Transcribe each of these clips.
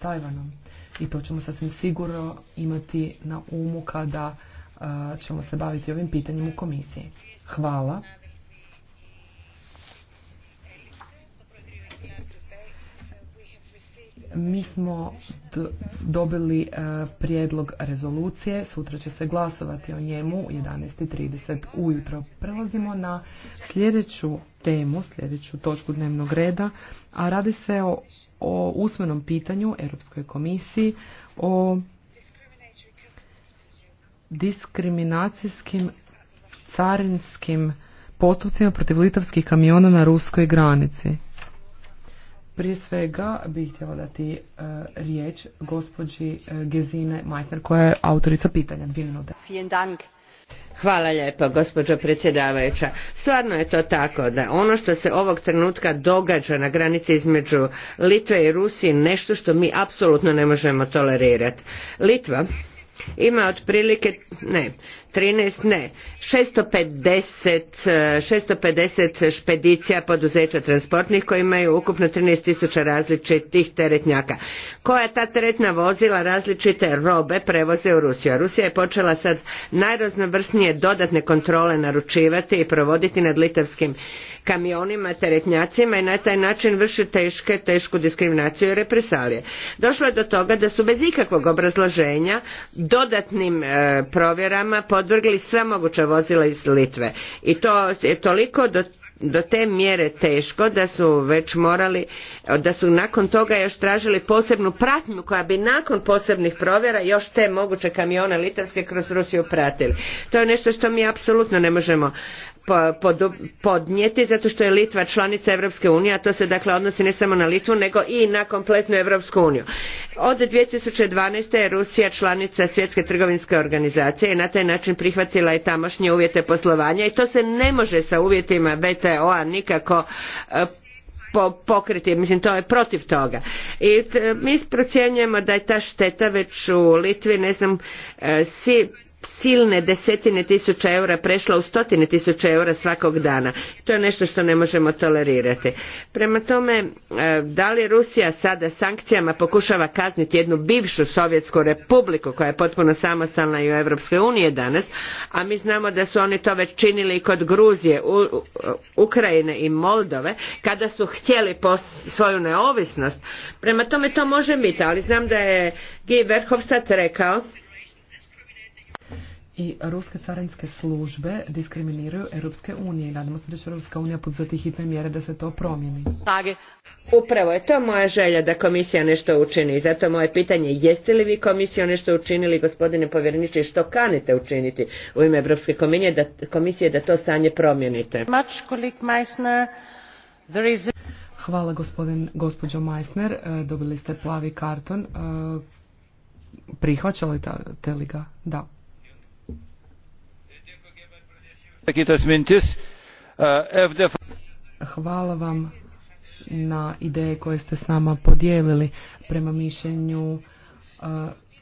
Tajvanom. I to ćemo sasvim sigurno imati na umu kada ćemo se baviti ovim pitanjem u komisiji. Hvala. mi smo dobili e, prijedlog rezolucije, sutra će se glasovati o njemu u 11.30 ujutro. Prelazimo na sljedeću temu, sljedeću točku dnevnog reda, a radi se o, o usmenom pitanju Europskoj komisiji o diskriminacijskim carinskim postupcima protiv litavskih kamiona na ruskoj granici. Prije svega bih htjela dati e, riječ gospođi e, Gezine Majter koja je autorica pitanja. Hvala lijepo gospođo predsjedavajuća. Stvarno je to tako da ono što se ovog trenutka događa na granici između Litve i Rusije nešto što mi apsolutno ne možemo tolerirati. Litva ima otprilike, ne, 13 ne, 650, 650 e, špedicija poduzeća transportnih koji imaju ukupno 13 tisuća različitih teretnjaka. Koja ta teretna vozila različite robe prevoze u Rusiju? A Rusija je počela sad najraznovrsnije dodatne kontrole naručivati i provoditi nad litarskim kamionima, teretnjacima i na taj način vrši teške, tešku diskriminaciju i represalije. Došlo je do toga da su bez ikakvog obrazloženja dodatnim e, provjerama odvrgli sva moguća vozila iz Litve. I to je toliko do do te mjere teško da su već morali, da su nakon toga još tražili posebnu pratnju koja bi nakon posebnih provjera još te moguće kamione litarske kroz Rusiju pratili. To je nešto što mi apsolutno ne možemo podnijeti zato što je Litva članica Europske unije, a to se dakle odnosi ne samo na Litvu nego i na kompletnu Europsku uniju. Od 2012. je Rusija članica Svjetske trgovinske organizacije i na taj način prihvatila je tamošnje uvjete poslovanja i to se ne može sa uvjetima wto a nikako e, pokriti, mislim to je protiv toga. I e, mi procjenjujemo da je ta šteta već u Litvi, ne znam, e, si silne desetine tisuća eura prešla u stotine tisuća eura svakog dana. To je nešto što ne možemo tolerirati. Prema tome, e, da li Rusija sada sankcijama pokušava kazniti jednu bivšu Sovjetsku republiku koja je potpuno samostalna i u EU danas, a mi znamo da su oni to već činili i kod Gruzije, Ukrajine i Moldove kada su htjeli svoju neovisnost. Prema tome to može biti, ali znam da je Guy Verhofstadt rekao i ruske carinske službe diskriminiraju Europske unije i nadamo se da će Europska unija poduzeti hitne mjere da se to promijeni. Upravo je to moja želja da komisija nešto učini. Zato moje pitanje jeste li vi komisija nešto učinili gospodine povjereniče i što kanite učiniti u ime Europske komisije da, komisije da to stanje promijenite? Hvala gospodin, gospođo Meissner. E, dobili ste plavi karton. E, prihvaćali te li ga? Da. E, Hvala vam na ideje koje ste s nama podijelili prema mišljenju e,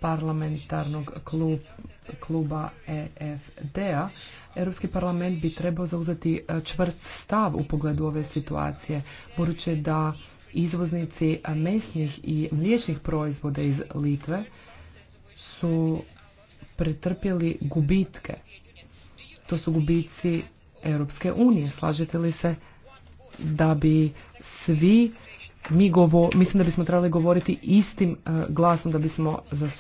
parlamentarnog kluba EFD-a. Europski parlament bi trebao zauzeti e, čvrst stav u pogledu ove situacije, budući da izvoznici mesnih i mliječnih proizvoda iz Litve su pretrpjeli gubitke to su gubici Europske unije. Slažete li se da bi svi mislim da bismo trebali govoriti istim e, glasom da bismo za, e,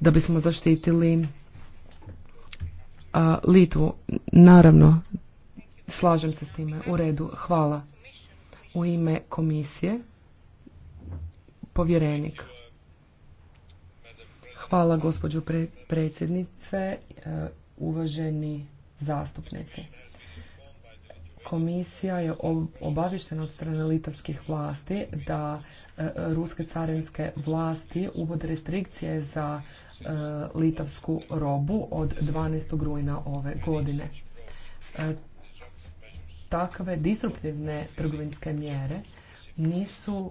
da bismo zaštitili uh, Litvu. Naravno, slažem se s time. U redu, hvala. U ime komisije povjerenik. Hvala gospođo predsjednice, e, uvaženi zastupnici. Komisija je obavištena od strane litavskih vlasti da e, ruske carinske vlasti uvode restrikcije za e, litavsku robu od 12. rujna ove godine. Takve disruptivne trgovinske mjere nisu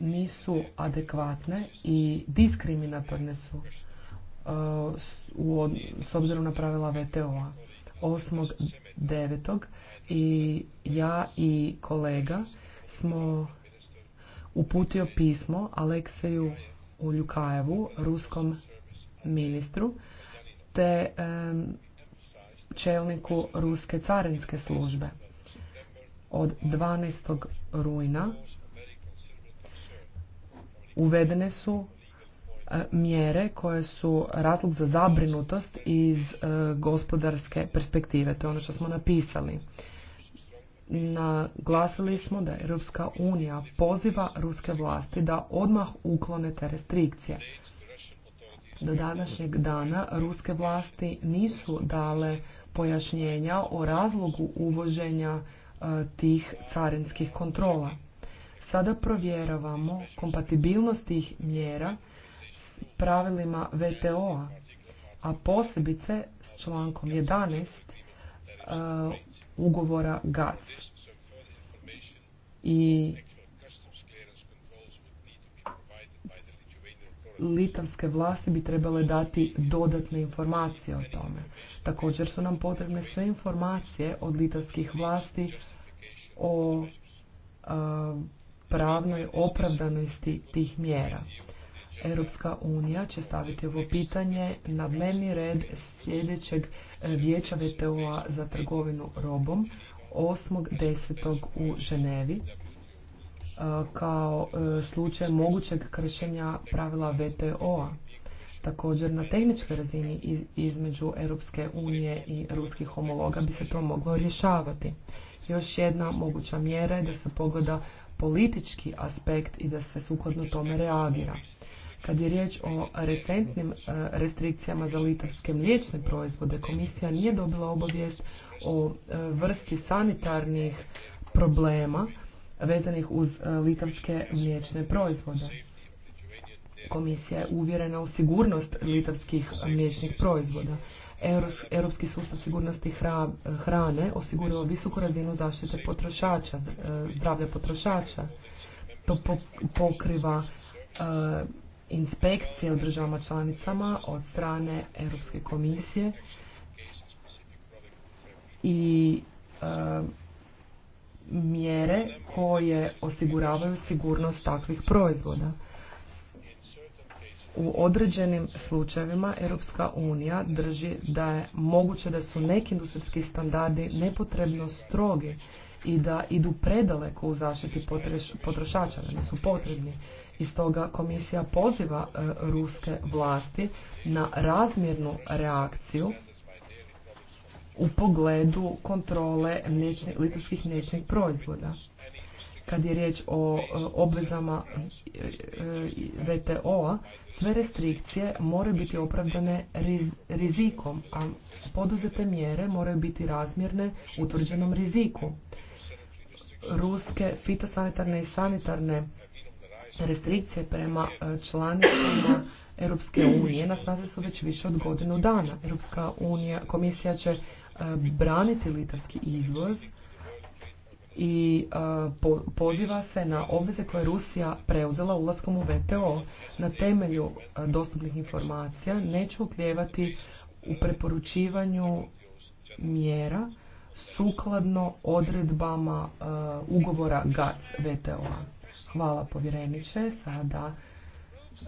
nisu adekvatne i diskriminatorne su e, s obzirom na pravila VTO-a. 8.9. i ja i kolega smo uputio pismo Alekseju Uljukajevu, ruskom ministru, te čelniku Ruske carinske službe. Od 12. rujna uvedene su e, mjere koje su razlog za zabrinutost iz e, gospodarske perspektive. To je ono što smo napisali. Naglasili smo da Europska unija poziva ruske vlasti da odmah uklone te restrikcije. Do današnjeg dana ruske vlasti nisu dale pojašnjenja o razlogu uvoženja e, tih carinskih kontrola. Sada provjeravamo kompatibilnost tih mjera s pravilima VTO-a, a posebice s člankom 11 uh, ugovora GATS. I litavske vlasti bi trebale dati dodatne informacije o tome. Također su nam potrebne sve informacije od litavskih vlasti o pravnoj opravdanosti tih mjera. Europska unija će staviti ovo pitanje na dnevni red sljedećeg e, vijeća VTO-a za trgovinu robom 8.10. u Ženevi e, kao e, slučaj mogućeg kršenja pravila VTO-a. Također na tehničkoj razini između Europske unije i ruskih homologa bi se to moglo rješavati. Još jedna moguća mjera je da se pogleda politički aspekt i da se sukladno tome reagira. Kad je riječ o recentnim e, restrikcijama za litarske mliječne proizvode, komisija nije dobila obavijest o e, vrsti sanitarnih problema vezanih uz e, litavske mliječne proizvode. Komisija je uvjerena u sigurnost litavskih mliječnih proizvoda. Europski sustav sigurnosti hrane osigurao visoku razinu zaštite potrošača, e, zdravlja potrošača. To pokriva e, inspekcije u državama članicama od strane Europske komisije i e, mjere koje osiguravaju sigurnost takvih proizvoda u određenim slučajevima Europska unija drži da je moguće da su neki industrijski standardi nepotrebno strogi i da idu predaleko u zaštiti potrošača, da su potrebni. I stoga komisija poziva e, ruske vlasti na razmjernu reakciju u pogledu kontrole mliječni, mliječnih proizvoda kad je riječ o e, obvezama e, e, VTO-a, sve restrikcije moraju biti opravdane rizikom, a poduzete mjere moraju biti razmjerne utvrđenom riziku. Ruske fitosanitarne i sanitarne restrikcije prema članicama Europske unije na snazi su već više od godinu dana. Europska unija, komisija će braniti litavski izvoz i e, poziva se na obveze koje je Rusija preuzela ulaskom u VTO. Na temelju e, dostupnih informacija neću ukljevati u preporučivanju mjera sukladno odredbama e, ugovora GATS VTO-a. Hvala povjereniče. Sada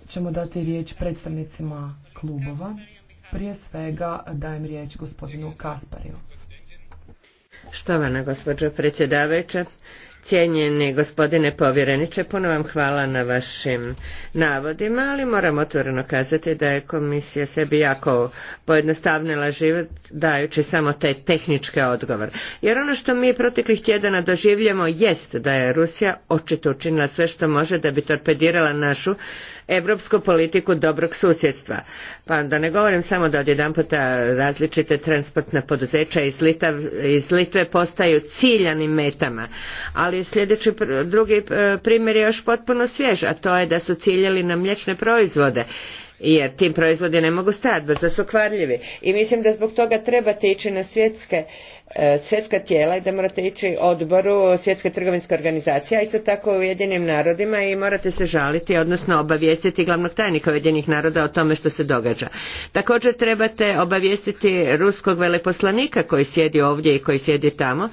ćemo dati riječ predstavnicima klubova. Prije svega dajem riječ gospodinu Kaspariju. Štovana gospođo predsjedavajuća, cijenjeni gospodine povjereniče, puno vam hvala na vašim navodima, ali moram otvoreno kazati da je komisija sebi jako pojednostavnila život dajući samo taj tehnički odgovor. Jer ono što mi proteklih tjedana doživljamo jest da je Rusija očito učinila sve što može da bi torpedirala našu europsku politiku dobrog susjedstva. Pa da ne govorim samo da odjedanputa različite transportna poduzeća iz, iz Litve postaju ciljanim metama. Ali sljedeći drugi e, primjer je još potpuno svjež, a to je da su ciljali na mliječne proizvode jer tim proizvodi ne mogu stajati, brzo su kvarljivi. I mislim da zbog toga trebate ići na svjetske e, svjetska tijela i da morate ići odboru svjetske trgovinske organizacije, a isto tako u Ujedinim narodima i morate se žaliti, odnosno obavijestiti glavnog tajnika Ujedinih naroda o tome što se događa. Također trebate obavijestiti ruskog veleposlanika koji sjedi ovdje i koji sjedi tamo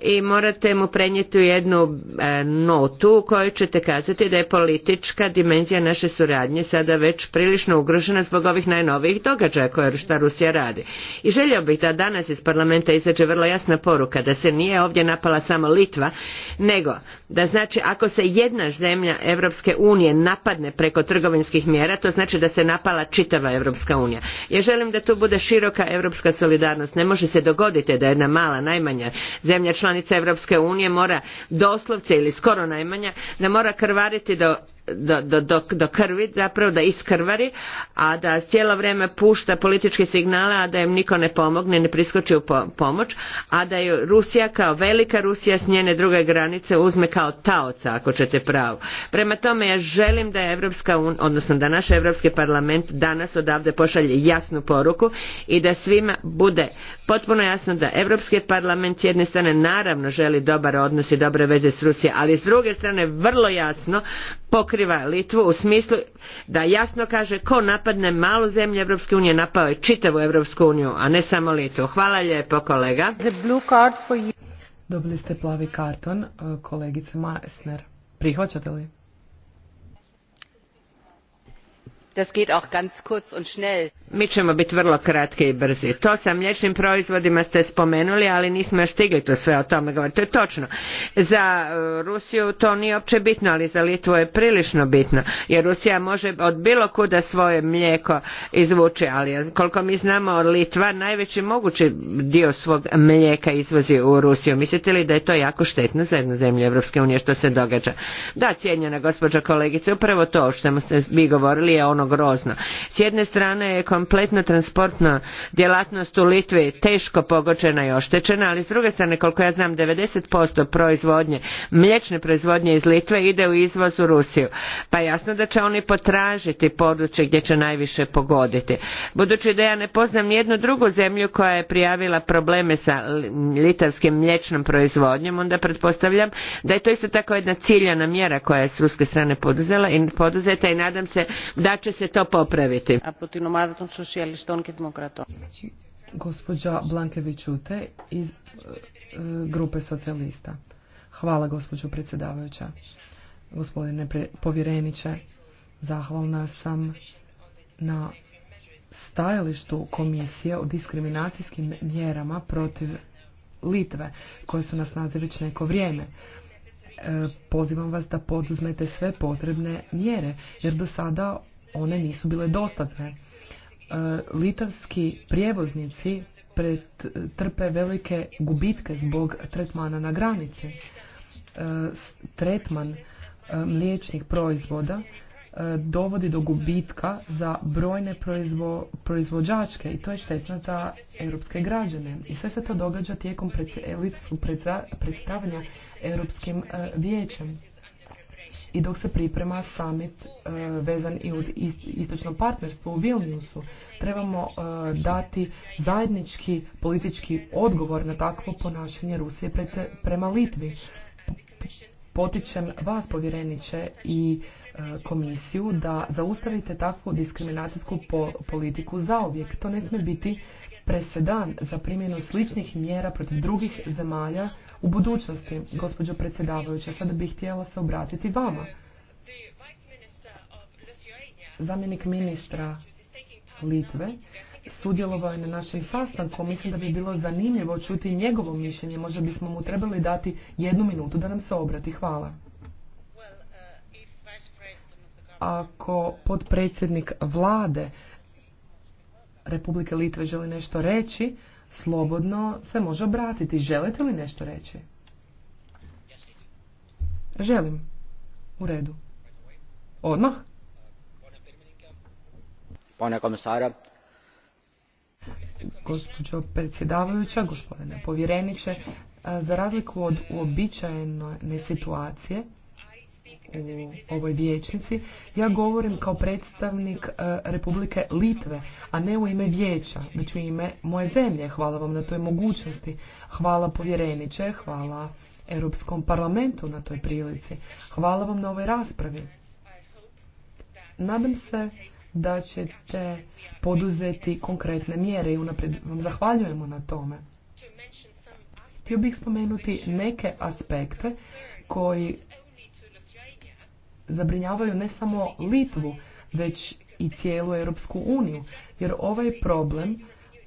i morate mu prenijeti jednu e, notu u kojoj ćete kazati da je politička dimenzija naše suradnje sada već prilično ugrožena zbog ovih najnovijih događaja koje šta Rusija radi. I želio bih da danas iz parlamenta izađe vrlo jasna poruka da se nije ovdje napala samo Litva, nego da znači ako se jedna zemlja Europske unije napadne preko trgovinskih mjera, to znači da se napala čitava Europska unija. Ja želim da tu bude široka europska solidarnost. Ne može se dogoditi da jedna mala, najmanja zemlja članica članica Europske unije mora doslovce ili skoro najmanja da mora krvariti do do, do, krvi zapravo da iskrvari a da cijelo vrijeme pušta političke signale a da im niko ne pomogne ne priskoči u pomoć a da je Rusija kao velika Rusija s njene druge granice uzme kao taoca ako ćete pravo prema tome ja želim da je Evropska odnosno da naš Europski parlament danas odavde pošalje jasnu poruku i da svima bude potpuno jasno da Europski parlament s jedne strane naravno želi dobar odnos i dobre veze s Rusijom ali s druge strane vrlo jasno pokriva otkriva Litvu u smislu da jasno kaže ko napadne malu zemlju Europske unije napao je čitavu Evropsku uniju, a ne samo Litvu. Hvala lijepo kolega. Dobili ste plavi karton e, kolegice Maesner. Prihvaćate li? Das geht Mi ćemo biti vrlo kratki i brzi. To sa mliječnim proizvodima ste spomenuli, ali nismo još stigli to sve o tome govoriti. To je točno. Za e, Rusiju to nije uopće bitno, ali za Litvu je prilično bitno, jer Rusija može od bilo kuda svoje mlijeko izvući, ali koliko mi znamo Litva najveći mogući dio svog mlijeka izvozi u Rusiju. Mislite li da je to jako štetno za jednu zemlju Evropske unije što se događa? Da, cijenjena gospođa kolegice, upravo to što ste vi govorili je ono grozno. S jedne strane je kompletna transportna djelatnost u Litvi teško pogođena i oštećena, ali s druge strane koliko ja znam 90% proizvodnje, mliječne proizvodnje iz Litve ide u izvoz u Rusiju. Pa jasno da će oni potražiti područje gdje će najviše pogoditi. Budući da ja ne poznam nijednu drugu zemlju koja je prijavila probleme sa litavskim mliječnom proizvodnjom, onda pretpostavljam da je to isto tako jedna ciljana mjera koja je s ruske strane poduzela i poduzeta i nadam se da će će se to popraviti. Znači, gospođa Blankevićute iz e, grupe socijalista. Hvala gospođo predsjedavajuća. Gospodine povjereniče, zahvalna sam na stajalištu komisije o diskriminacijskim mjerama protiv Litve, koje su nas snazi već neko vrijeme. E, pozivam vas da poduzmete sve potrebne mjere, jer do sada one nisu bile dostatne. E, litavski prijevoznici trpe velike gubitke zbog tretmana na granici. E, tretman e, mliječnih proizvoda dovodi do gubitka za brojne proizvođačke i to je štetno za europske građane. I sve se to događa tijekom predstavljanja Europskim vijećem i dok se priprema summit e, vezan i uz istočno partnerstvo u Vilniusu. Trebamo e, dati zajednički politički odgovor na takvo ponašanje Rusije prema Litvi. Potičem vas, povjereniče, i e, komisiju da zaustavite takvu diskriminacijsku po, politiku zauvijek. To ne smije biti presedan za primjenu sličnih mjera protiv drugih zemalja u budućnosti, gospođo predsjedavajuća. Sada bih htjela se obratiti vama. Zamjenik ministra Litve sudjelovao je na našem sastanku. Mislim da bi bilo zanimljivo čuti njegovo mišljenje. Možda bismo mu trebali dati jednu minutu da nam se obrati. Hvala. Ako podpredsjednik vlade Republike Litve želi nešto reći, slobodno se može obratiti. Želite li nešto reći? Želim. U redu. Odmah? Pane komisara. Gospođo predsjedavajuća, gospodine povjereniče, za razliku od uobičajene situacije, u ovoj vijećnici. Ja govorim kao predstavnik e, Republike Litve, a ne u ime vijeća, već u ime moje zemlje. Hvala vam na toj mogućnosti. Hvala povjereniče, hvala Europskom parlamentu na toj prilici. Hvala vam na ovoj raspravi. Nadam se da ćete poduzeti konkretne mjere i unaprijed vam zahvaljujemo na tome. Htio bih spomenuti neke aspekte koji zabrinjavaju ne samo Litvu, već i cijelu Europsku uniju, jer ovaj problem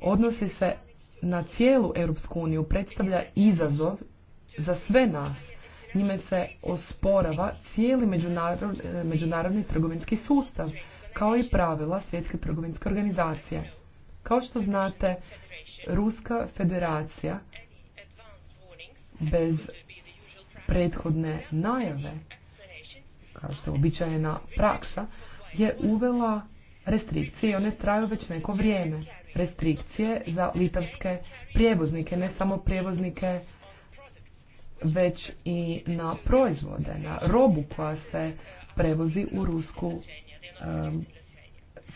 odnosi se na cijelu Europsku uniju, predstavlja izazov za sve nas. Njime se osporava cijeli međunarodni, međunarodni trgovinski sustav, kao i pravila Svjetske trgovinske organizacije. Kao što znate, Ruska federacija bez prethodne najave kao što je običajena praksa, je uvela restrikcije i one traju već neko vrijeme. Restrikcije za litavske prijevoznike, ne samo prijevoznike već i na proizvode, na robu koja se prevozi u Rusku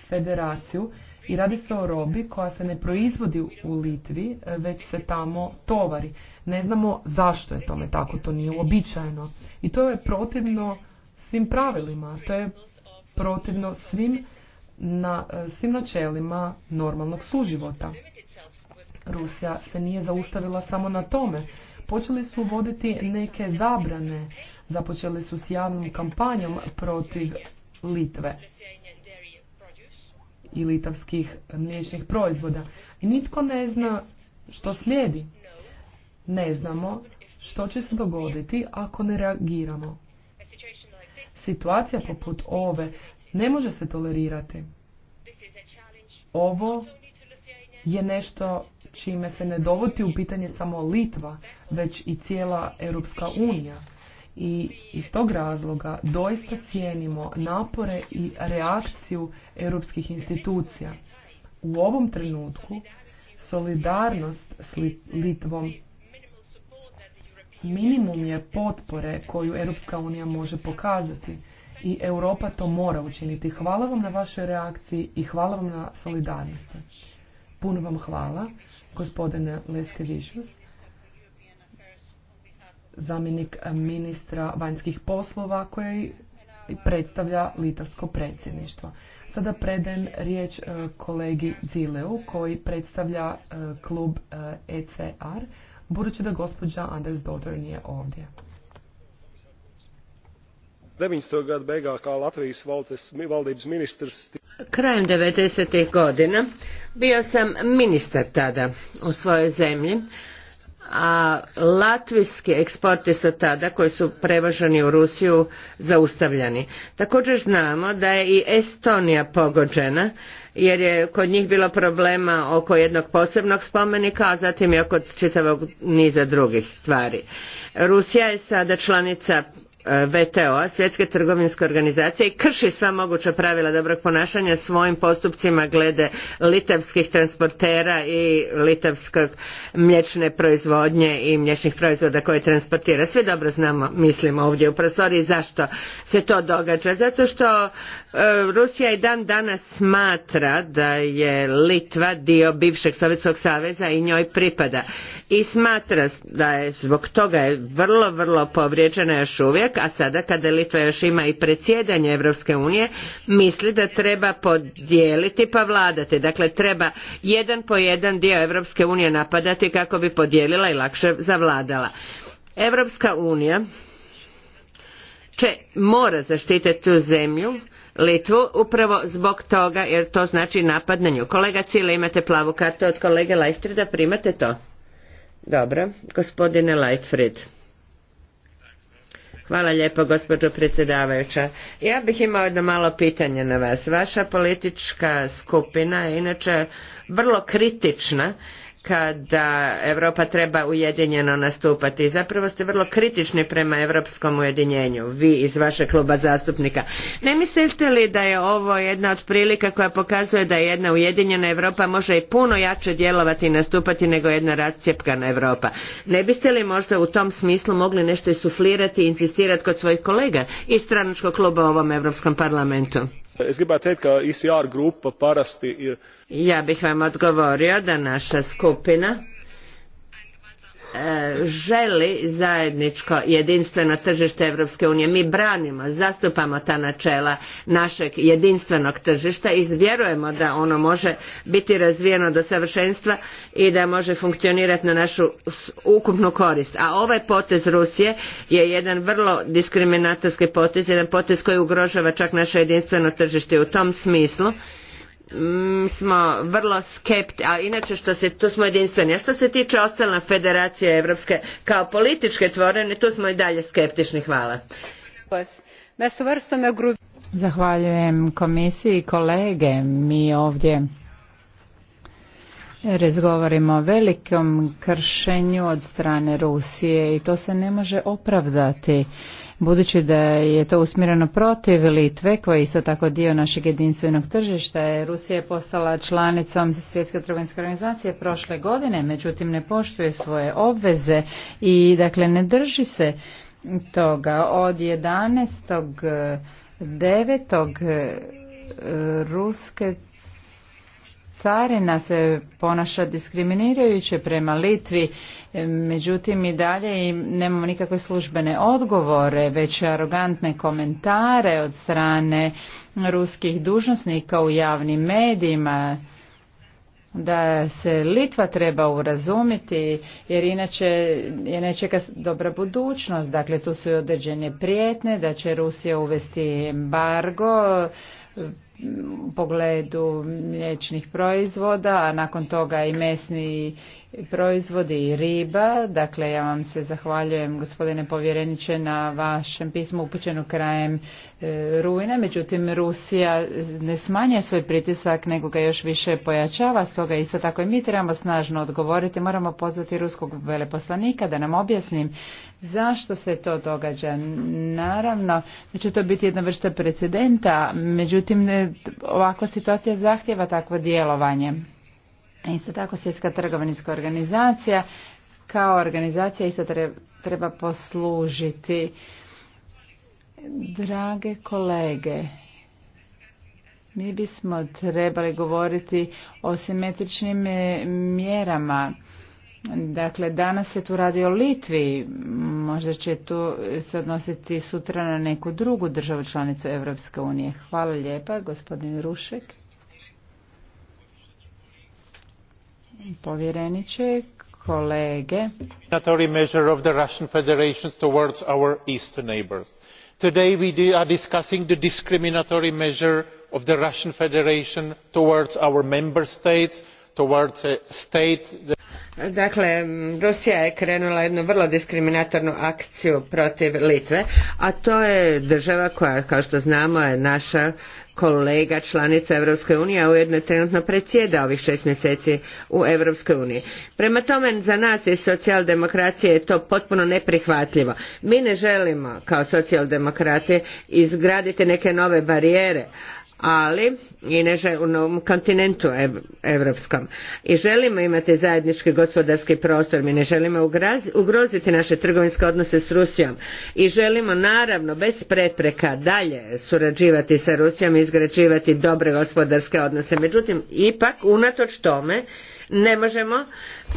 federaciju i radi se o robi koja se ne proizvodi u Litvi, već se tamo tovari. Ne znamo zašto je tome tako, to nije uobičajeno. I to je protivno svim pravilima. To je protivno svim, na, e, svim načelima normalnog suživota. Rusija se nije zaustavila samo na tome. Počeli su voditi neke zabrane. Započeli su s javnom kampanjom protiv Litve i litavskih mliječnih proizvoda. Nitko ne zna što slijedi. Ne znamo što će se dogoditi ako ne reagiramo. Situacija poput ove ne može se tolerirati. Ovo je nešto čime se ne dovodi u pitanje samo Litva, već i cijela Europska unija. I iz tog razloga doista cijenimo napore i reakciju europskih institucija. U ovom trenutku solidarnost s Litvom minimum je potpore koju Europska unija može pokazati i Europa to mora učiniti. Hvala vam na vašoj reakciji i hvala vam na solidarnosti. Puno vam hvala, gospodine Leskevišus, zamjenik ministra vanjskih poslova koji predstavlja litavsko predsjedništvo. Sada predajem riječ e, kolegi Zileu koji predstavlja e, klub ECR. E budući da gospođa Anders Dotter nije ovdje. Krajem 90. godina bio sam ministar tada u svojoj zemlji a latvijski eksporti su tada koji su prevoženi u Rusiju zaustavljeni. Također znamo da je i Estonija pogođena jer je kod njih bilo problema oko jednog posebnog spomenika, a zatim i oko čitavog niza drugih stvari. Rusija je sada članica VTO-a, Svjetske trgovinske organizacije, i krši sva moguća pravila dobrog ponašanja svojim postupcima glede litavskih transportera i litavskog mliječne proizvodnje i mliječnih proizvoda koje transportira. Svi dobro znamo, mislimo ovdje u prostoriji, zašto se to događa. Zato što e, Rusija i dan danas smatra da je Litva dio bivšeg Sovjetskog saveza i njoj pripada. I smatra da je zbog toga je vrlo, vrlo povrijeđena još uvijek a sada kada Litva još ima i predsjedanje Europske unije, misli da treba podijeliti pa vladati. Dakle, treba jedan po jedan dio Europske unije napadati kako bi podijelila i lakše zavladala. Europska unija će mora zaštititi tu zemlju Litvu upravo zbog toga jer to znači napad na nju. Kolega Cile imate plavu kartu od kolege Leifrida primate to? Dobro, gospodine Lajfrid. Hvala lijepo gospođo predsjedavajuća. Ja bih imao jedno malo pitanje na vas. Vaša politička skupina je inače vrlo kritična kada Europa treba ujedinjeno nastupati. Zapravo ste vrlo kritični prema europskom ujedinjenju, vi iz vašeg kluba zastupnika. Ne mislite li da je ovo jedna od prilika koja pokazuje da jedna ujedinjena Europa može i puno jače djelovati i nastupati nego jedna razcijepkana Europa? Ne biste li možda u tom smislu mogli nešto isuflirati i insistirati kod svojih kolega iz stranačkog kluba u ovom Europskom parlamentu? E grupa parasti ja bih vam odgovorio da naša skupina e, želi zajedničko jedinstveno tržište Europske unije. Mi branimo, zastupamo ta načela našeg jedinstvenog tržišta i vjerujemo da ono može biti razvijeno do savršenstva i da može funkcionirati na našu ukupnu korist. A ovaj potez Rusije je jedan vrlo diskriminatorski potez, jedan potez koji ugrožava čak naše jedinstveno tržište. U tom smislu Mm, smo vrlo skepti, a inače što se, tu smo jedinstveni. A što se tiče ostalna federacija Evropske kao političke tvorene, tu smo i dalje skeptični. Hvala. Zahvaljujem komisiji i kolege. Mi ovdje razgovaramo o velikom kršenju od strane Rusije i to se ne može opravdati. Budući da je to usmjereno protiv Litve, koja je isto tako dio našeg jedinstvenog tržišta, Rusija je postala članicom Svjetske trgovinske organizacije prošle godine, međutim ne poštuje svoje obveze i dakle ne drži se toga. Od 11.9. E, ruske carina se ponaša diskriminirajuće prema Litvi, e, međutim i dalje nemamo nikakve službene odgovore, već arogantne komentare od strane ruskih dužnosnika u javnim medijima da se Litva treba urazumiti jer inače je nečeka dobra budućnost. Dakle, tu su i određene prijetne da će Rusija uvesti embargo pogledu mliječnih proizvoda, a nakon toga i mesni proizvodi i riba. Dakle, ja vam se zahvaljujem gospodine povjereniče na vašem pismu upućenu krajem e, rujna. Međutim, Rusija ne smanjuje svoj pritisak, nego ga još više pojačava. Stoga isto tako i mi trebamo snažno odgovoriti. Moramo pozvati ruskog veleposlanika da nam objasni zašto se to događa. Naravno, će to biti jedna vrsta precedenta, međutim, e, ovakva situacija zahtjeva takvo djelovanje. Isto tako svjetska trgovinska organizacija kao organizacija isto treba poslužiti. Drage kolege, mi bismo trebali govoriti o simetričnim e, mjerama. Dakle, danas se tu radi o Litvi, možda će tu se odnositi sutra na neku drugu državu članicu Europske unije. Hvala lijepa, gospodin Rušek. povjereniče, kolege. measure of the Russian Federation towards our eastern neighbours. Today we are discussing the discriminatory measure of the Russian Federation towards our member states, towards a uh, state that... Dakle, Rusija je krenula jednu vrlo diskriminatornu akciju protiv Litve, a to je država koja, kao što znamo, je naša kolega članica Europske unije, a ujedno trenutno predsjeda ovih šest mjeseci u Europskoj uniji. Prema tome, za nas iz socijaldemokracije je to potpuno neprihvatljivo. Mi ne želimo kao socijaldemokrati izgraditi neke nove barijere, ali i na kontinentu europskom i želimo imati zajednički gospodarski prostor mi ne želimo ugroziti naše trgovinske odnose s rusijom i želimo naravno bez prepreka dalje surađivati sa rusijom i izgrađivati dobre gospodarske odnose međutim ipak unatoč tome ne možemo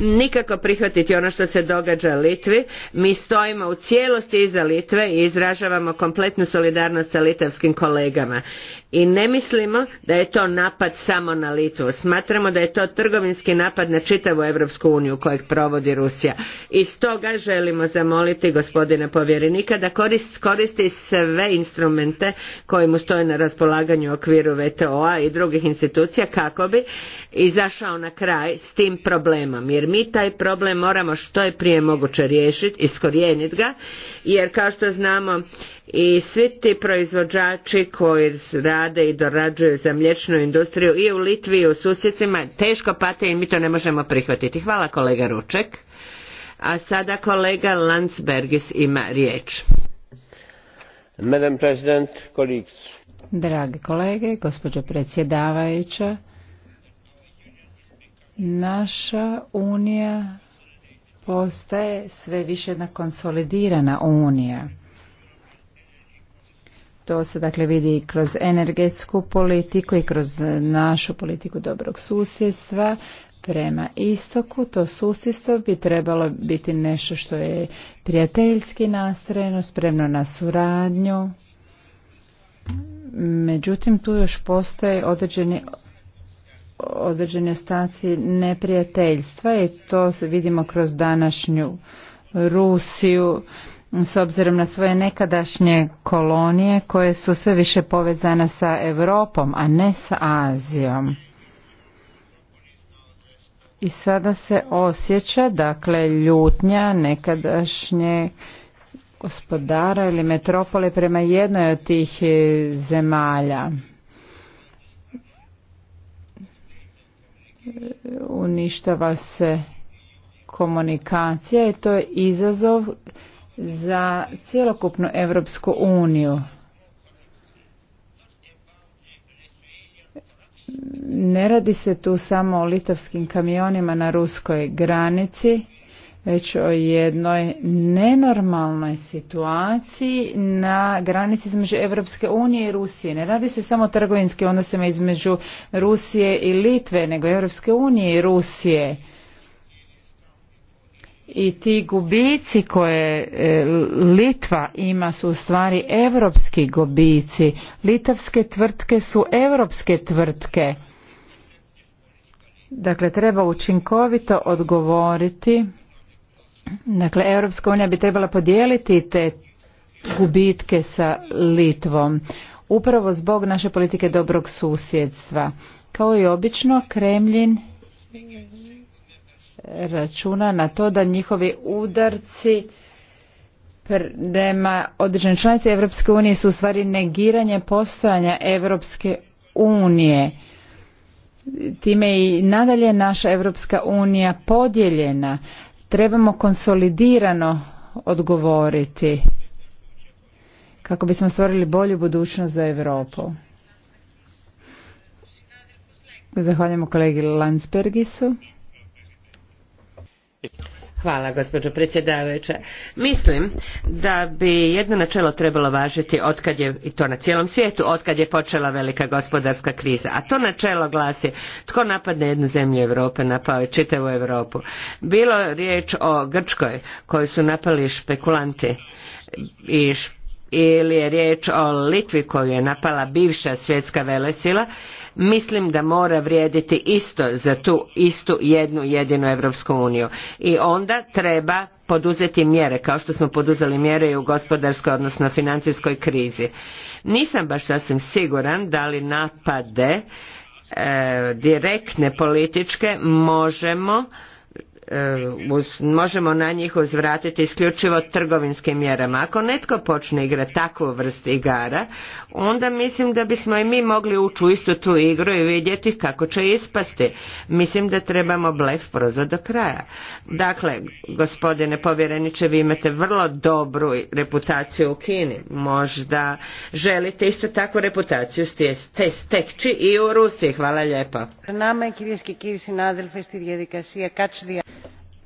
nikako prihvatiti ono što se događa Litvi. Mi stojimo u cijelosti iza Litve i izražavamo kompletnu solidarnost sa litavskim kolegama. I ne mislimo da je to napad samo na Litvu. Smatramo da je to trgovinski napad na čitavu Europsku uniju kojeg provodi Rusija. I stoga želimo zamoliti gospodina povjerenika da koristi sve instrumente koji mu stoje na raspolaganju u okviru VTO-a i drugih institucija kako bi izašao na kraj s tim problemom jer mi taj problem moramo što je prije moguće riješiti, iskorijeniti ga jer kao što znamo i svi ti proizvođači koji rade i dorađuju za mliječnu industriju i u Litvi i u susjedcima teško pate i mi to ne možemo prihvatiti. Hvala kolega Ruček. A sada kolega Landsbergis ima riječ. Madam President, Dragi kolege, gospođo predsjedavajuća, Naša unija postaje sve više jedna konsolidirana unija. To se dakle vidi i kroz energetsku politiku i kroz našu politiku dobrog susjedstva prema istoku. To susjedstvo bi trebalo biti nešto što je prijateljski nastrojeno, spremno na suradnju. Međutim, tu još postoje određeni određene staci neprijateljstva i to vidimo kroz današnju Rusiju s obzirom na svoje nekadašnje kolonije koje su sve više povezane sa Europom, a ne sa Azijom. I sada se osjeća, dakle, ljutnja nekadašnje gospodara ili metropole prema jednoj od tih zemalja. uništava se komunikacija i to je izazov za cjelokupnu Evropsku uniju. Ne radi se tu samo o litavskim kamionima na ruskoj granici, već o jednoj nenormalnoj situaciji na granici između Europske unije i Rusije. Ne radi se samo o trgovinskim odnosima između Rusije i Litve, nego Europske unije i Rusije. I ti gubici koje e, Litva ima su u stvari europski gubici. Litavske tvrtke su europske tvrtke. Dakle, treba učinkovito odgovoriti Dakle, Europska unija bi trebala podijeliti te gubitke sa Litvom, upravo zbog naše politike dobrog susjedstva. Kao i obično, Kremljin računa na to da njihovi udarci prema određene članice Europske unije su u stvari negiranje postojanja Europske unije. Time i nadalje naša Europska unija podijeljena trebamo konsolidirano odgovoriti kako bismo stvorili bolju budućnost za Europu. Zahvaljujemo kolegi Landsbergisu. Hvala gospođo predsjedavajuća. Mislim da bi jedno načelo trebalo važiti otkad je, i to na cijelom svijetu, otkad je počela velika gospodarska kriza. A to načelo glasi tko napadne jednu zemlju Europe, napao je čitavu Europu. Bilo je riječ o Grčkoj koju su napali špekulanti i ili je riječ o Litvi koju je napala bivša svjetska velesila mislim da mora vrijediti isto za tu istu jednu jedinu Europsku uniju. I onda treba poduzeti mjere kao što smo poduzeli mjere i u gospodarskoj odnosno financijskoj krizi. Nisam baš sasvim siguran da li napade e, direktne političke možemo E, uz, možemo na njih uzvratiti isključivo trgovinskim mjerama. Ako netko počne igrati takvu vrstu igara, onda mislim da bismo i mi mogli ući u istu tu igru i vidjeti kako će ispasti. Mislim da trebamo blef proza do kraja. Dakle, gospodine povjereniče, vi imate vrlo dobru reputaciju u Kini. Možda želite isto takvu reputaciju stekći i u Rusiji. Hvala lijepo. Nama je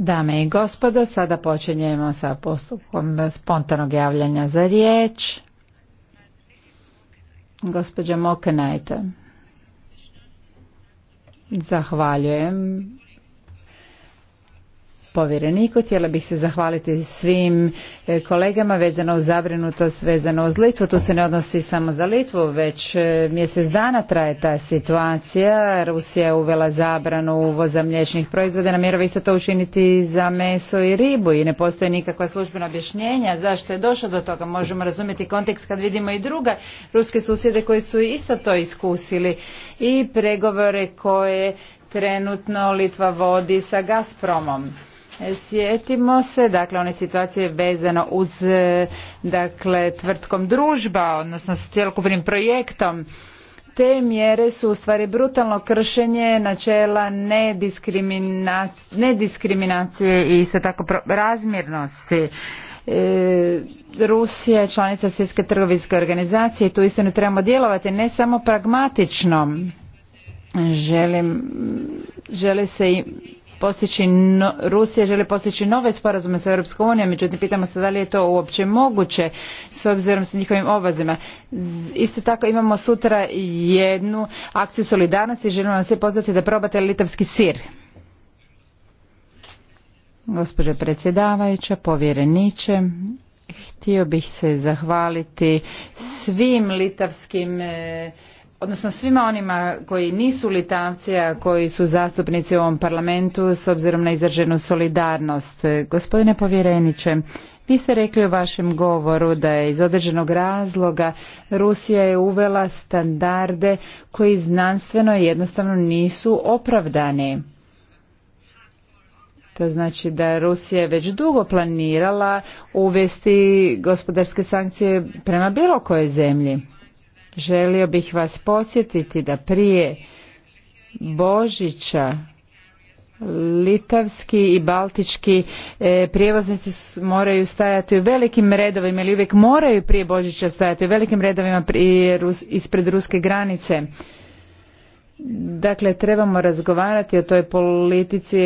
Dame i gospodo, sada počinjemo sa postupkom spontanog javljanja za riječ. Gospođa Mokenajte. Zahvaljujem povjereniku. Htjela bih se zahvaliti svim e, kolegama vezano uz zabrinutost, vezano uz Litvu. Tu se ne odnosi samo za Litvu, već e, mjesec dana traje ta situacija. Rusija je uvela zabranu uvoza mliječnih proizvoda, namjerava isto to učiniti za meso i ribu i ne postoje nikakva službena objašnjenja zašto je došlo do toga. Možemo razumjeti kontekst kad vidimo i druga ruske susjede koji su isto to iskusili i pregovore koje trenutno Litva vodi sa Gazpromom. Sjetimo se, dakle, one situacije vezano uz, e, dakle, tvrtkom družba, odnosno s cjelokupnim projektom. Te mjere su u stvari brutalno kršenje načela nediskriminacije i isto tako razmjernosti. E, Rusija je članica Svjetske trgovinske organizacije i tu istinu trebamo djelovati ne samo pragmatično. Želim, želi se i postići, Rusija želi postići nove sporazume sa Europskom unijom, međutim pitamo se da li je to uopće moguće s obzirom sa njihovim obazima. Isto tako imamo sutra jednu akciju solidarnosti, i želimo vam sve pozvati da probate litavski sir. Gospođo predsjedavajuća, povjereniče, htio bih se zahvaliti svim litavskim eh, odnosno svima onima koji nisu Litavci, a koji su zastupnici u ovom parlamentu s obzirom na izraženu solidarnost. Gospodine povjereniče, vi ste rekli u vašem govoru da je iz određenog razloga Rusija je uvela standarde koji znanstveno i jednostavno nisu opravdani. To znači da Rusija je već dugo planirala uvesti gospodarske sankcije prema bilo kojoj zemlji. Želio bih vas podsjetiti da prije Božića litavski i baltički e, prijevoznici moraju stajati u velikim redovima ili uvijek moraju prije Božića stajati u velikim redovima ispred ruske granice. Dakle, trebamo razgovarati o toj politici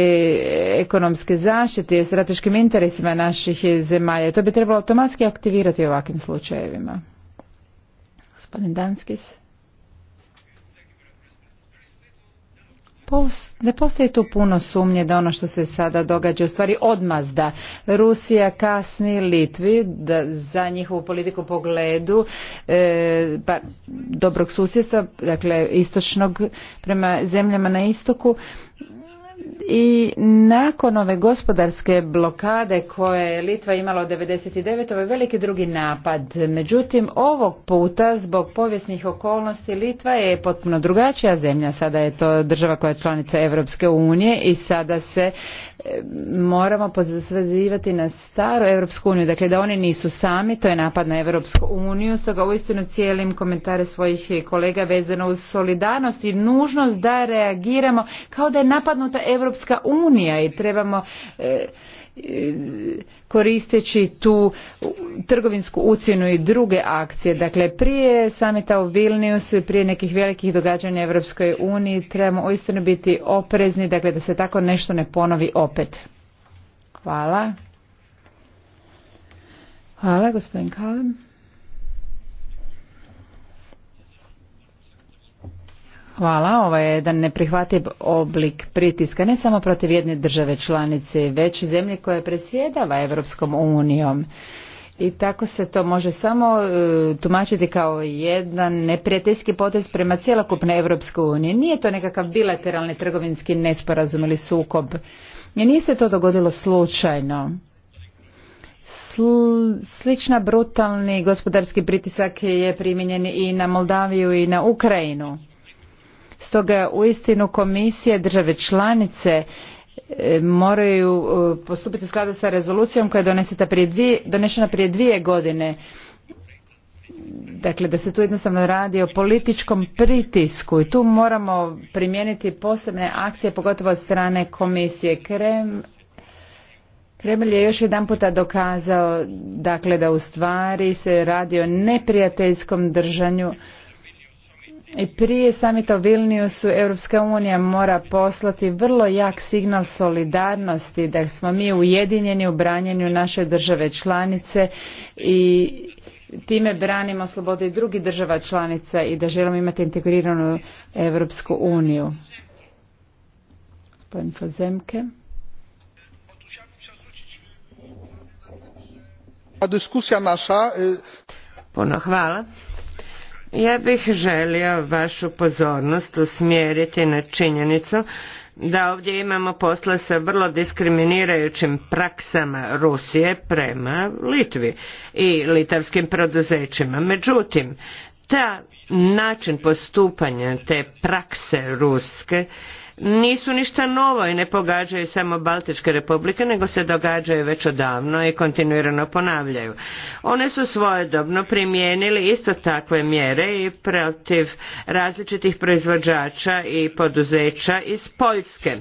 ekonomske zaštite i o strateškim interesima naših zemalja. To bi trebalo automatski aktivirati u ovakvim slučajevima. Gospodin Danskis. Ne postoji tu puno sumnje da ono što se sada događa u stvari odmazda. Rusija kasni Litvi da, za njihovu politiku pogledu e, pa, dobrog susjedstva, dakle istočnog prema zemljama na istoku i nakon ove gospodarske blokade koje je Litva imala od 99. ovo je veliki drugi napad. Međutim, ovog puta zbog povijesnih okolnosti Litva je potpuno drugačija zemlja. Sada je to država koja je članica Europske unije i sada se e, moramo pozazivati na staru Europsku uniju. Dakle, da oni nisu sami, to je napad na Europsku uniju. Stoga uistinu cijelim komentare svojih kolega vezano uz solidarnost i nužnost da reagiramo kao da je napadnuta Europska unija i trebamo e, e, koristeći tu trgovinsku ucjenu i druge akcije. Dakle, prije samita u Vilniusu i prije nekih velikih događanja u Europskoj uniji trebamo uistinu biti oprezni, dakle da se tako nešto ne ponovi opet. Hvala. Hvala, gospodin Kalem. Hvala. Ovo je jedan neprihvatljiv oblik pritiska ne samo protiv jedne države članice, već i zemlje koja predsjedava Europskom unijom. I tako se to može samo e, tumačiti kao jedan neprijateljski potez prema cjelokupne Europske uniji. Nije to nekakav bilateralni trgovinski nesporazum ili sukob. I nije se to dogodilo slučajno. Sl slična brutalni gospodarski pritisak je primijenjen i na Moldaviju i na Ukrajinu. Stoga uistinu komisije države članice e, moraju e, postupiti u skladu sa rezolucijom koja je donesena prije dvije godine. Dakle, da se tu jednostavno radi o političkom pritisku i tu moramo primijeniti posebne akcije, pogotovo od strane komisije. Krem, Kremlj je još jedanputa dokazao dakle, da u stvari se radi o neprijateljskom držanju i prije samita u Vilniusu Europska unija mora poslati vrlo jak signal solidarnosti da smo mi ujedinjeni u branjenju naše države članice i time branimo slobodu i drugih država članica i da želimo imati integriranu Europsku uniju. E, Puno hvala. Ja bih želio vašu pozornost usmjeriti na činjenicu da ovdje imamo posla sa vrlo diskriminirajućim praksama Rusije prema Litvi i litavskim produzećima. Međutim, ta način postupanja te prakse ruske nisu ništa novo i ne pogađaju samo Baltičke republike, nego se događaju već odavno i kontinuirano ponavljaju. One su svojedobno primijenili isto takve mjere i protiv različitih proizvođača i poduzeća iz Poljske.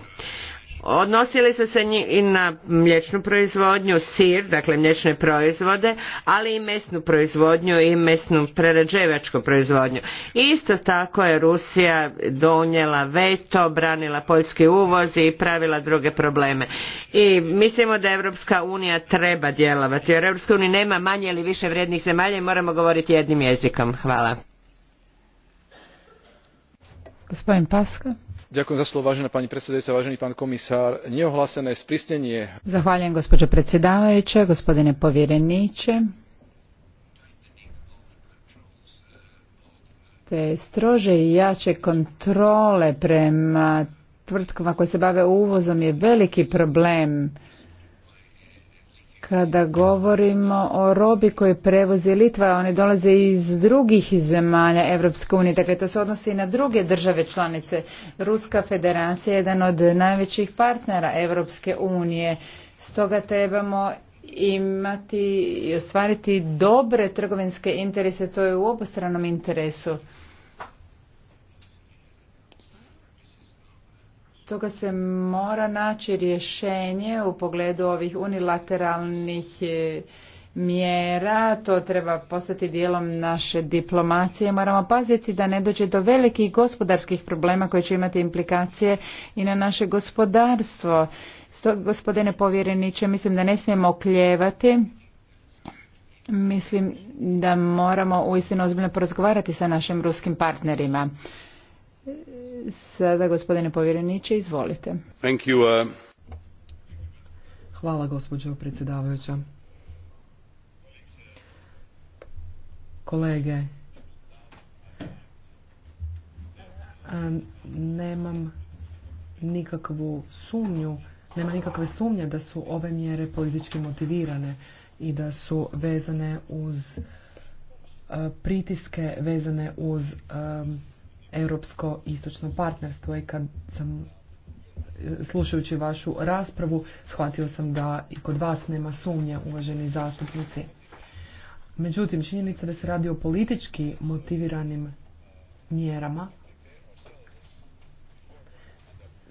Odnosili su se i na mliječnu proizvodnju, sir, dakle mliječne proizvode, ali i mesnu proizvodnju i mesnu prerađevačku proizvodnju. Isto tako je Rusija donijela veto, branila poljski uvoz i pravila druge probleme. I mislimo da Europska unija treba djelovati, jer Europska unija nema manje ili više vrijednih zemalja i moramo govoriti jednim jezikom. Hvala. Gospodin Paska neohlasené sprísnenie zahvaljujem gospođo predsjedavajuće, gospodine povjereniče te strože i jače kontrole prema tvrtkama koje se bave uvozom je veliki problem kada govorimo o robi koju prevozi Litva, oni dolaze iz drugih zemalja Evropske unije, dakle to se odnosi i na druge države članice. Ruska federacija je jedan od najvećih partnera Evropske unije, stoga trebamo imati i ostvariti dobre trgovinske interese, to je u obostranom interesu. toga se mora naći rješenje u pogledu ovih unilateralnih e, mjera, to treba postati dijelom naše diplomacije. Moramo paziti da ne dođe do velikih gospodarskih problema koji će imati implikacije i na naše gospodarstvo. Stoga, gospodine povjereniče, mislim da ne smijemo okljevati. Mislim da moramo uistinu ozbiljno porazgovarati sa našim ruskim partnerima. Sada gospodine povjereniče, izvolite. Thank you, uh, Hvala gospođo predsjedavajuća. Kolege, nemam nikakvu sumnju, nema nikakve sumnje da su ove mjere politički motivirane i da su vezane uz pritiske vezane uz europsko istočno partnerstvo i kad sam slušajući vašu raspravu shvatio sam da i kod vas nema sumnje uvaženi zastupnici. Međutim, činjenica da se radi o politički motiviranim mjerama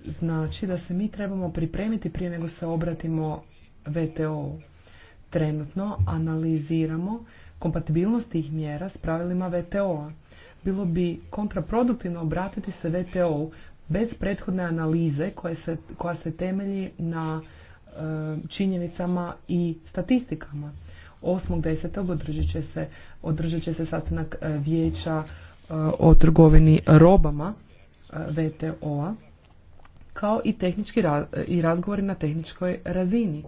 znači da se mi trebamo pripremiti prije nego se obratimo VTO. Trenutno analiziramo kompatibilnost tih mjera s pravilima VTO-a bilo bi kontraproduktivno obratiti se vto bez prethodne analize koja se temelji na eh, činjenicama i statistikama. 8.10. održat će se, će se sastanak eh, vijeća eh, o trgovini robama VTO-a kao i tehnički i razgovori na tehničkoj razini.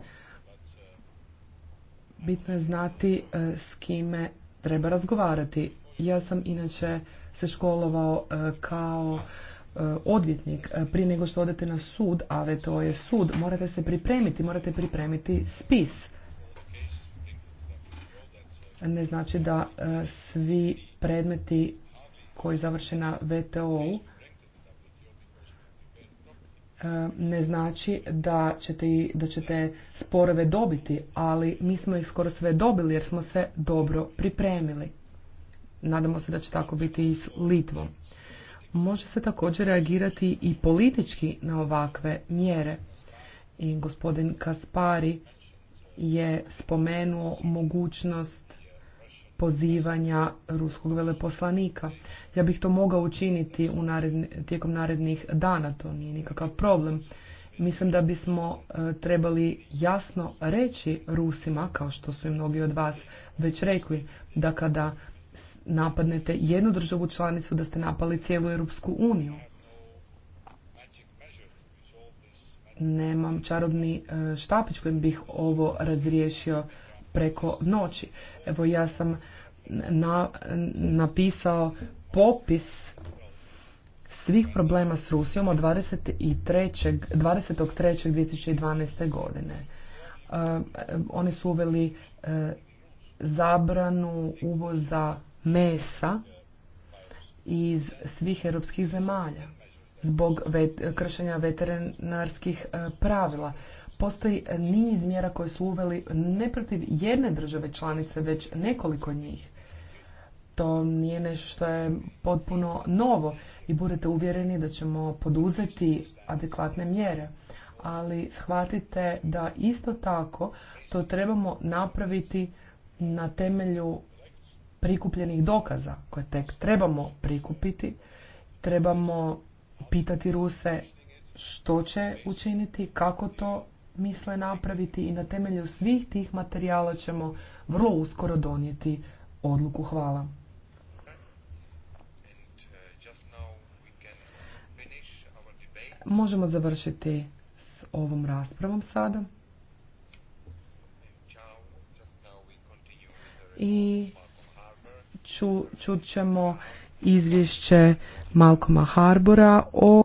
Bitno je znati s kime treba razgovarati ja sam inače se školovao e, kao e, odvjetnik e, prije nego što odete na sud, a to je sud, morate se pripremiti, morate pripremiti spis. Ne znači da svi predmeti koji završe na vto ne znači da ćete, da ćete sporove dobiti, ali mi smo ih skoro sve dobili jer smo se dobro pripremili. Nadamo se da će tako biti i s Litvom. Može se također reagirati i politički na ovakve mjere. I gospodin Kaspari je spomenuo mogućnost pozivanja ruskog veleposlanika. Ja bih to mogao učiniti u tijekom narednih dana, to nije nikakav problem. Mislim da bismo e, trebali jasno reći Rusima, kao što su i mnogi od vas već rekli, da kada napadnete jednu državu članicu da ste napali cijelu Europsku uniju. Nemam čarobni e, štapić kojim bih ovo razriješio preko noći. Evo ja sam napisao popis svih problema s Rusijom od 23. 2012. godine. E, e, oni su uveli zabranu uvoza mesa iz svih europskih zemalja zbog kršenja veterinarskih e, pravila. Postoji niz mjera koje su uveli ne protiv jedne države članice, već nekoliko njih. To nije nešto što je potpuno novo i budete uvjereni da ćemo poduzeti adekvatne mjere. Ali shvatite da isto tako to trebamo napraviti na temelju prikupljenih dokaza koje tek trebamo prikupiti, trebamo pitati Ruse što će učiniti, kako to misle napraviti i na temelju svih tih materijala ćemo vrlo uskoro donijeti odluku. Hvala. Možemo završiti s ovom raspravom sada. I čut ćemo izvješće Malcoma Harbora o